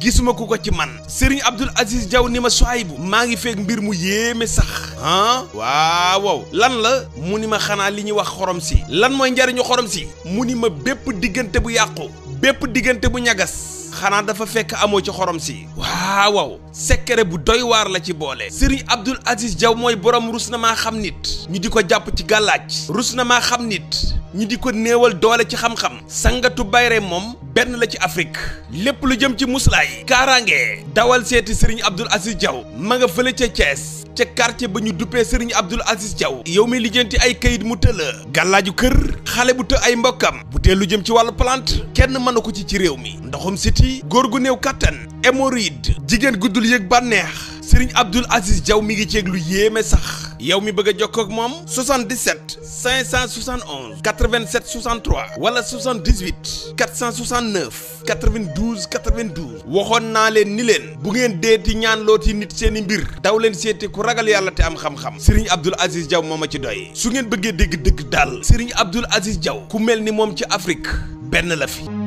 gisuma ku ko ci man Serigne Abdoul Aziz Diaw ni ma bu maa ngi feeg mbir mu yéeme sax ah waaw lan la mu ni ma xanaa li ñuy wax xorom si lan mooy njariñu xorom si mu ni ma bépp diggante bu yàqu bépp diggante bu ñagas xanaa dafa fekk amoo ci xorom si waaw secret bu doy waar la ci boole Serigne Abdoul Aziz jaw mooy borom rus na maa xam nit ñu di ko jàpp ci gàllaaj rus na maa xam nit ñi di ko néewal doole ci xam-xam sangatu bayre moom benn la ci Afrique lépp lu jëm ci muslaay kaaraange dawal seeti Serigne Abdoul Aziz Diaw ma nga fële ca cees ca quartier ba ñu duppee Serigne Abdoul Aziz Diaw yow mi lijjanti ay kayit mu tëla gàllaaju kër xale bu të ay mbokkam bu lu jëm ci wàllu plante kenn mënu ko ci ci réew mi ndoxum siti góor gu néew kattan hémorroïde jigéen guddul yëg bànneex Serigne Abdoul Aziz jaw mi ngi ceeg lu yéeme sax yow mi bëgg a jokkoo ak moom 77 571 87 63 wala 78 469 waxoon naa leen ni leen bu ngeen deeti ñaan yi nit seeni mbir daw leen seeti ku ragal yàlla te am xam-xam Serigne Abdoul Aziz jaw moom a ci doy su ngeen bëggee dégg dëgg daal Serigne Abdoul Aziz Diaw ku mel ni moom ci Afrique benn la fi.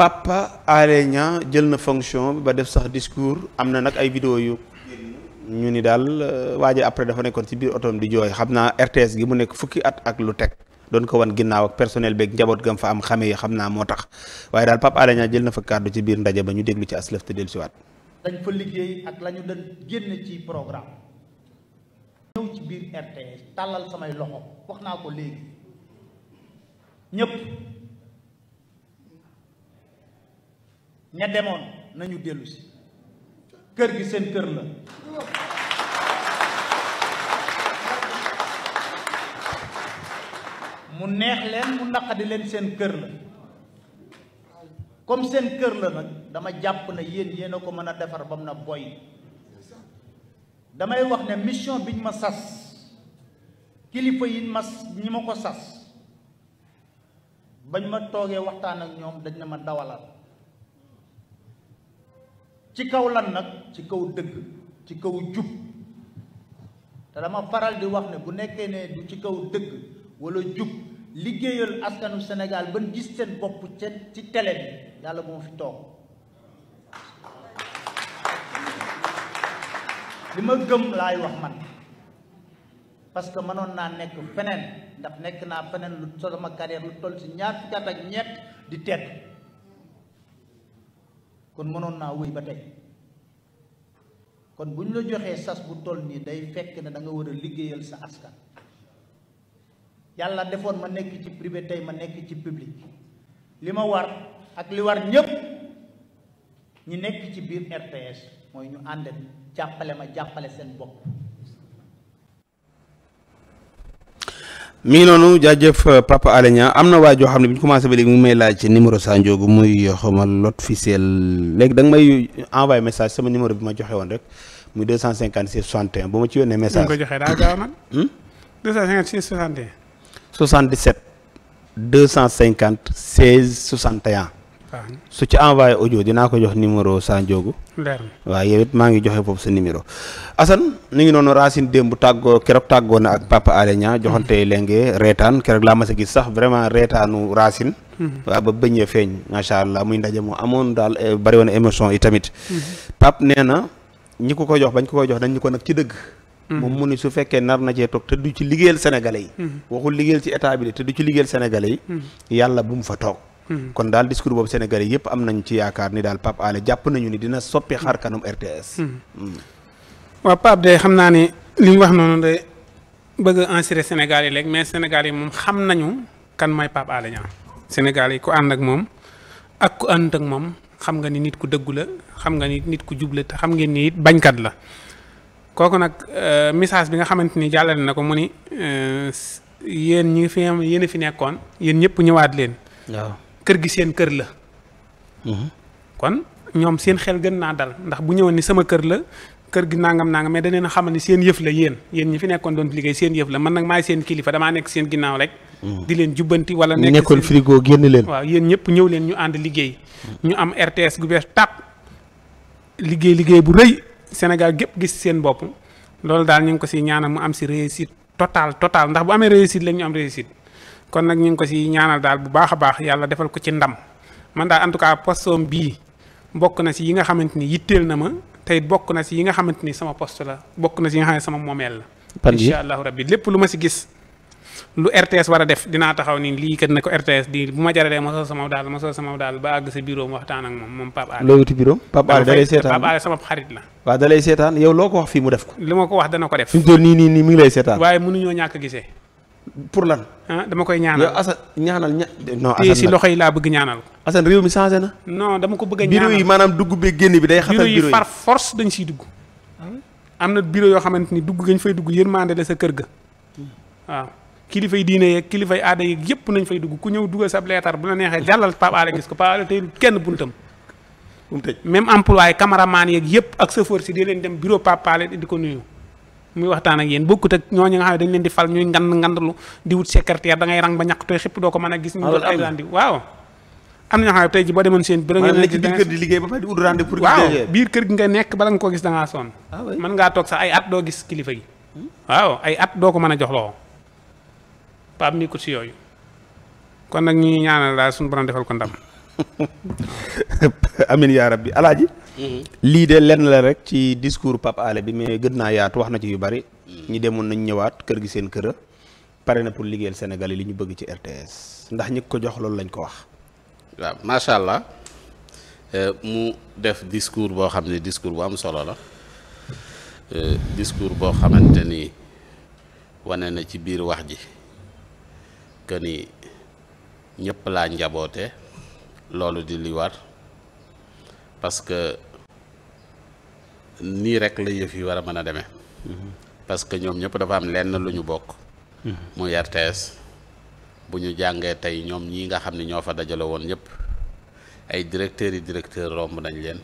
Papa Alé Niang jël na fonction ba def sax discours am na nag ay vidéo yu ñu ni daal euh, waa ji après dafa nekkoon ci biir otoom di jooy xam naa RTS gi mu nekk fukki at ak lu teg doon ko wan ginnaaw ak personnel beeg njaboot gam fa am xame yi xam naa moo tax waaye daal Papa Alé Niang jël na fa kàddu ci biir ndaje ba ñu déglu ci aslëf te dellusiwaat dañ fa liggéey ak la ñu génn ci programme ñëw ci biir RTS tàllal samay loxo wax naa ko léegi ñëpp ña demoon nañu dellu si kër gi seen kër la mu neex leen mu naqadi leen seen kër la comme seen kër la nag dama jàpp na yéen yéen a ko mën a defar ba mu na boy damay wax ne mission biñ ma sas kilifa yi ma ñi ma ko sas bañ ma toogee waxtaan ak ñoom dañ na ma dawalal ci kaw lan nag ci kaw dëgg ci kaw jub te dama faral di wax ne bu nekkee ne du ci kaw dëgg wala jub liggéeyal askanu Sénégal ban gis seen bopp ca ci télé bi yàlla moo fi toog li ma gëm laay wax man parce que mënoon naa nekk feneen ndax nekk naa feneen lu sama carrière lu toll ci ñaar fukki at ak ñett di tedd kon mënoon naa wéy ba tey kon bu ñu la joxee sas bu toll nii day fekk na danga war a liggéeyal sa askan yàlla defoon ma nekk ci privé tey ma nekk ci public li ma war ak li war ñépp ñi nekk ci biir RTS mooy ñu ànd jàppale ma jàppale seen bopp mi ngi noonu jaajëf Papa Alé Niang am na waay joo xam ne bi ñu commencé ba léegi mu may laaj ci numéro Sandiogou muy xamal lot officiel léegi danga may envoyé message sama numéro bi ma joxe woon rek muy 256 61 bu ma ci yónnee message. bu ma ko joxee daa gaaw nag. 256 61. 77 250 su ci envoyé audio dinaa ko jox numéro Sa Ndiogou waaw maa ngi joxe foofu sa numéro Assane ni ngi noonu Racine démb tàggoo keroog tàggoo na ak Papa Alé Niang joxante mhm. lenge reetaan keroog laa mas a gis sax vraiment reetaanu Racine mhm. waaw ba bëñee feeñ macha allah muy ndaje moo amoon daal eh, bari woon émotion yi tamit mhm. Pape nee na ñi ko ko jox bañ ko ko jox dañ ko nag ci dëgg moom mu ni su fekkee nar na cee toog te du ci liggéeyal sénégalais yi waxul liggéeyal ci état bi ci liggéeyal sénégalais yi yàlla bu mu fa toog Hmm. kon daal discours boobu Sénégalais yëpp am nañ ci yaakaar ni daal Pape jàpp nañu ni dina soppi hmm. xar kanam RTS. Hmm. waaw Pape de xam naa ne liñ wax noonu de bëgg a Sénégal yi léegi mais Sénégal yi moom xam nañu kan mooy Pape Alé Sénégal yi ku ànd ak moom ak ku ànd ak moom xam nga ni nit ku dëggu la xam nga ni nit ku jubla te xam ngeen ni it bañkat la kooku nag euh, message bi nga xamante ni jàllale na ko mu ni euh, yéen ñi fi yéen a fi nekkoon yéen ñëpp ñëwaat leen. kër gi seen kër la. Mhm. kon ñoom seen xel gën naa dal ndax bu ñëwoon ni sama kër la kër gi nangam nangam mais daneen a xamal ni seen yëf la yéen yéen ñi fi nekkoon doon liggéey seen yëf la man nag maay seen kilifa damaa nekk seen ginnaaw rek. Mhm. di leen jubbanti wala. nekk nekkoon frigo génn leen. waa yéen ñëpp ñëw leen ñu ànd liggéey. Mhm. ñu am RTS gu bees tàq liggéey liggéey bu rëy Sénégal gépp gis seen bopp loolu daal ñu ngi ko si ñaanal mu am si réussite total total ndax bu amee réussite la ñu am kon nag ñu ngi ko ci ñaanal daal bu baax a baax yàlla defal ko ci ndam man daal en tout cas postoom bii bokk na si yi nga xamante ni yitteel na ma tey bokk na si yi nga xamante ni sama post la bokk na si yi nga xam ne sama moomeel la incha allahu lu ma si gis lu RTS a def dinaa taxaw ni lii kat na ko RTS di bu ma jaralee ma sol sama daal ma sol sama daal ba àgg sa bureau waxtaan ak moom moom Pape Alé loo wuti bureau Pape Alé sama xarit la waa da lay seetaan yow loo ko wax fii mu def ko li ma ko wax dana ko def nii nii nii mi ngi lay seetaan waaye mënuñoo pour lan. ah dama koy ñaanal yow Assane ñaanal ña. non si loxo yi laa bëgg ñaanal. Assane réew mi changé na. non dama ko bëgg a ñaanal bureau yi maanaam dugg be génn bi day. xatal bureau yi par force dañ siy dugg. am na bureau yoo xamante ni dugg gañ fay dugg yërmande la sa kër ga. waaw kilifay diine yeeg kilifay aada yeeg yëpp nañ fay dugg ku ñëw duggal sa leetar bu la neexee jàllal Pape Alé gis ko Pape tey kenn buntam. bu mu tëj même employé cameraman yeeg yëpp ak chauffeur si di leen dem bureau Pape Alé di ko nuyu muy waxtaan ak yéen bokkut ak ñooñu nga xam ne dañ leen di fal ñuy ngand ngandlu di wut secrétaire ngay rang ba ñàkk tooy xëpp doo ko mën a gis. ñu jël am na ñoo tey ji boo demoon seen. bërëb ngeen nekk ci di liggéey ba pare di ut rendi biir kër gi nga nekk bala nga koo gis da ngaa sonn. Ah mën toog sax ay at doo gis kilifa gi. waaw ay at doo ko mën a jox loxo paam mi ko si yooyu kon nag ñu ñaanal laa suñu borom defal ko ndam amin yaa rabbi alaaji mhm. lii de lenn la rek ci diskuur Pape bi mais gën naa yaatu wax na ci yu bari mhm. ñi demoon nañ ñëwaat kër gi seen kër pare na pour liggéeyal Sénégal yi li ñu bëgg ci RTS ndax ñi ko jox loolu lañ ko wax waaw macha allah euh, mu def discours boo xam ne discours bu am solo la euh, discours boo xamante ni wane na ci biir wax ji que ni laa njaboote loolu di li war parce que nii rek la yëf yi war a mën a demee. parce que ñoom ñëpp dafa am lenn lu ñu bokk. muy RTS bu ñu jàngee tey ñoom ñi nga xam ne ñoo fa dajale woon ñëpp ay directeurs yi directeur romb nañ leen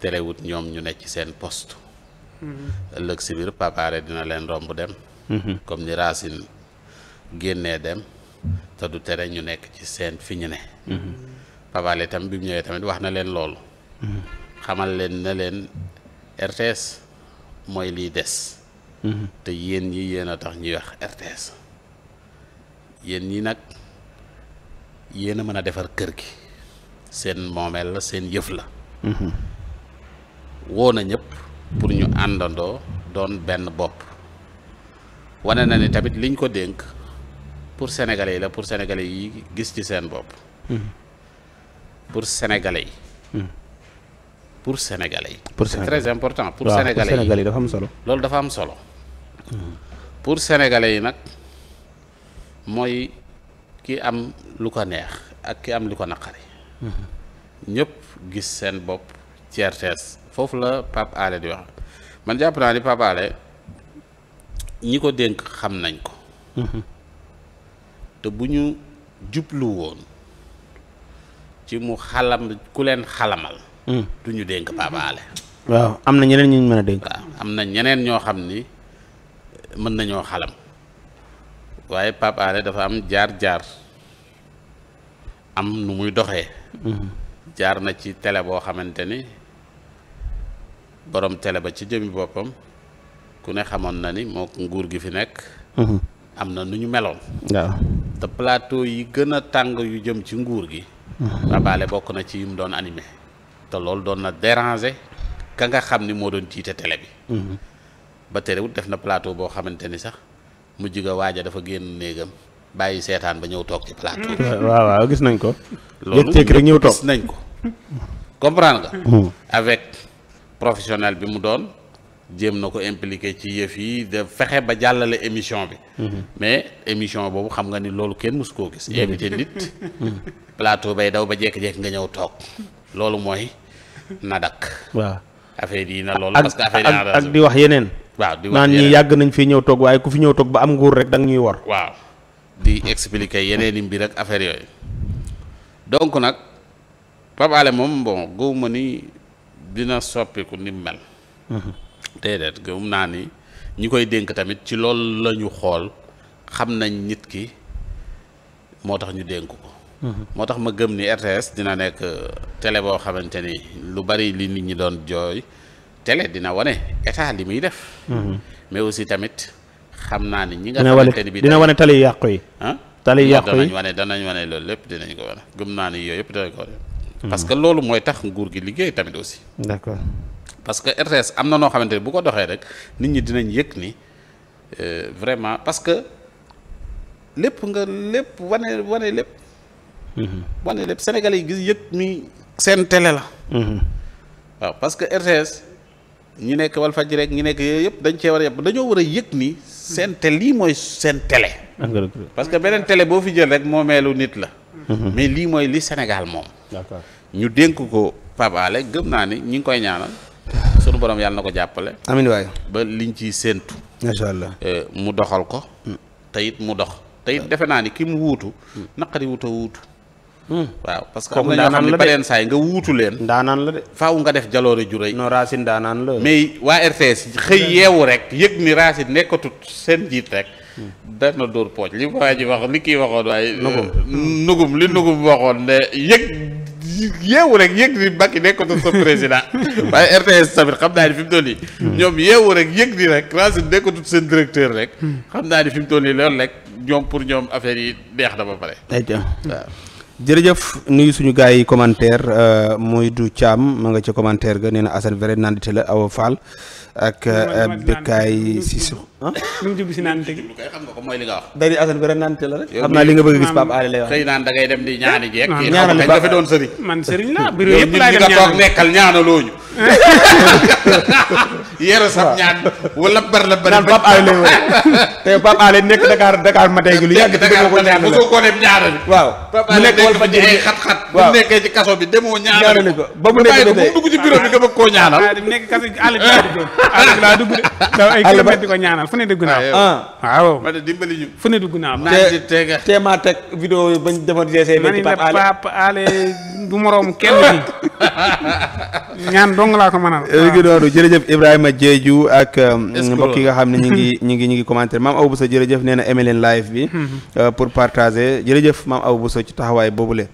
terewut ñoom ñu nekk seen post ëllëg si biir papaare dina leen romb dem. Mhm. comme ni Racine génnee dem. te du tere ñu nekk ci seen fi ñu ne mhm. papaale tam bi mu tamit wax na leen loolu mhm. xamal leen na leen RTS mooy liy des mhm. te yéen ñi yéen a tax ñuy wax RTS yéen ñi nag yéen a mën a defar kër gi seen moomeel la seen yëf la woo na ñëpp pour ñu àndandoo doon benn bopp wane na ni tamit liñ ko dénk pour sénégalais yi la pour sénégalais yi gis ci seen bopp. Hmm. pour sénégalais yi. Hmm. pour sénégalais yi. pour c'est très important pour. sénégalais yi dafa am solo. loolu dafa am solo. Hmm. pour sénégalais yi nag mooy ki am lu ko neex ak ki am lu ko naqari. ñëpp gis seen bopp ci RTS foofu la Pape Alé di wax man jàpp naa ni Pape ñi ko dénk xam nañ ko. te bu ñu jublu woon ci mu xalam ku leen xalamal. Hmm. du ñu dénk baabaale. waaw am na ñeneen ñu mën a dénk. am na ñeneen ñoo xam ni mën nañoo xalam waaye Pape dafa am jaar-jaar am nu muy doxee. Hmm. jaar na ci tele boo xamante ni boroom tele ba ci jëmi boppam ku ne xamoon na ni moo nguur gi fi nekk. Hmm. am na nu ñu meloon. waaw te plateau yi gën a tàng yu jëm ci nguur gi mm-hmm. Rabalais bokk na ci yu mu doon anime te loolu doon na dérangé ka nga xam ni moo doon jiite télé bi mm-hmm. ba terewut def na plateau boo xamante ni sax mu jiga waaja dafa génn néegam bàyyi seetaan ba ñëw toog ci plateau mm-hmm. waaw waaw gis nañ ko loolu gis nañ ko comprendre nga avec professionnel bi mu doon jéem na ko impliqué ci yëf yi de fexe ba jàllale émission bi. Mhm. mais émission boobu xam nga ni loolu kenn mus koo gis. invité nit. Mhm. plateau bay daw ba jékki-jékki nga ñëw toog loolu mooy na dakk waaw affaire na loolu. parce que ak di wax yeneen. waaw di wax naan ñi yàgg nañ fi ñëw toog waaye ku fi ñëw toog ba am nguur rek da ñuy wor waaw di expliqué yeneen i mbir ak affaire yooyu donc nag Pape Alé moom bon gëw ni dina soppiku ni mu mel. Mhm. déedéet gëm naa ni ñi koy dénk tamit ci loolu la ñu xool xam nañ nit ki moo tax ñu dénk ko. Mm-hmm. moo tax ma gëm ni RTS dina nekk euh, tele boo xamante ni lu bari li nit ñi doon jooy télé dina wane état li muy def. Mm-hmm. mais aussi tamit xam naa ni ñi nga. xamante ni bi dina wane tali yàqu yi. tali yàqu yi danañ wane danañ wane loolu lépp dinañ ko wane gëm naa ni yooyu yëpp dinañ ko wane. Mm-hmm. parce que loolu mooy tax nguur gi liggéey tamit aussi. d'accord. parce que RTS am na noo xamante ne bu ko doxee rek nit ñi dinañ yëg ni euh, vraiment parce que lépp nga lépp wane wane lépp. Mhm. wane lépp Sénégalais yi gis yëg mi seen télé la. Mhm. waaw que RTS. ñi nekk wal faj rek ñi nekk yooyu yëpp dañ cee war yëpp dañoo war a yëg ni seen télé lii mooy seen télé. parce que beneen télé boo fi jël rek moomeelu nit la. Mhm. mais lii mooy li Sénégal moom. d'accord ñu dénk ko Pape gëm naa ni ñi ngi koy ñaanal. sunu boroom yàlla na ko jàppale. amiin waay ba liñ ciy séentu. macha allah eh, mu doxal ko. Mm. te mu dox te defe naa ni ki mu wuutu. Mm. naqari wuuta wuutu. Mm. waaw parce que am na ñoo xam ne nga wuutu leen. ndaanaan la faaw nga def jaloore ju rëy. non Racine ndaanaan la. mais waa RTS xëy yeewu rek yëg ni Racine nekkatut seen jiit rek. def na dóor pooj li waa ji wax li kii waxoon waaye. nugum eh, li nugum waxoon yëg. yeewu rek yëg ni Macky nekkatul sa président waaye RTS tamit xam naa ni fi mu toll nii. Hmm. ñoom yeewu rek yëg ni rek Racine nekkatul seen directeur rek. Hmm. xam naa ni fi mu toll nii loolu rek ñoom pour ñoom affaire yi neex na ba pare. waaw. jërëjëf nuyu suñu gars yi commentaire muy du caam ma nga ca commentaire ga nee na Assane Vere nandite la Awa Fall ak euh, Bekkaay Cissé. ah lu mu jublu si naan tegi lu koy xam nga ko mooy li nga wax dari asan bi rek naante la rek xam naa li nga bëgg a gis Pape Alé lay wax xëy naan da ngay dem di eh? ñaani jeeg ñaanal ba dafa doon sëriñ man sëriñ la biir yëpp laay dem ñaanal toog nekkal ñaanaloo ñu yéero sax ñaan wala bar la bari Pape Alé lay wax te Pape Alé nekk Dakar Dakar ma tey gi lu yàgg demoo ko ñaanal mosoo ko dem ñaanal waaw mu nekk wal fa ay xat-xat bu nekkee ci kaso bi demoo ñaanal ko ba mu nekk ba mu dugg ci bureau bi nga bëgg koo ñaanal dem nekk kaso àll bi laa dugg àll bi laa dugg ay kilomètre di ko ñaanal naa fu ne dugg naa. Ah, ah, waaw ma dimbali ñu. fu ne dugg teg vidéo bañ defoon GCB. ma ni du moroom kenn bi ñaan dong laa ko mënal. léegi ah. noonu jërëjëf Ibrahima Diédhiou ak. Um, mbokk nga xam ne ñu ngi ñu ngi ñu ngi commentaire maam Abou Bousso jërëjëf nee na live bi. Mm-hmm. Euh, pour partager jërëjëf maam Abou Bousso ci taxawaay boobule.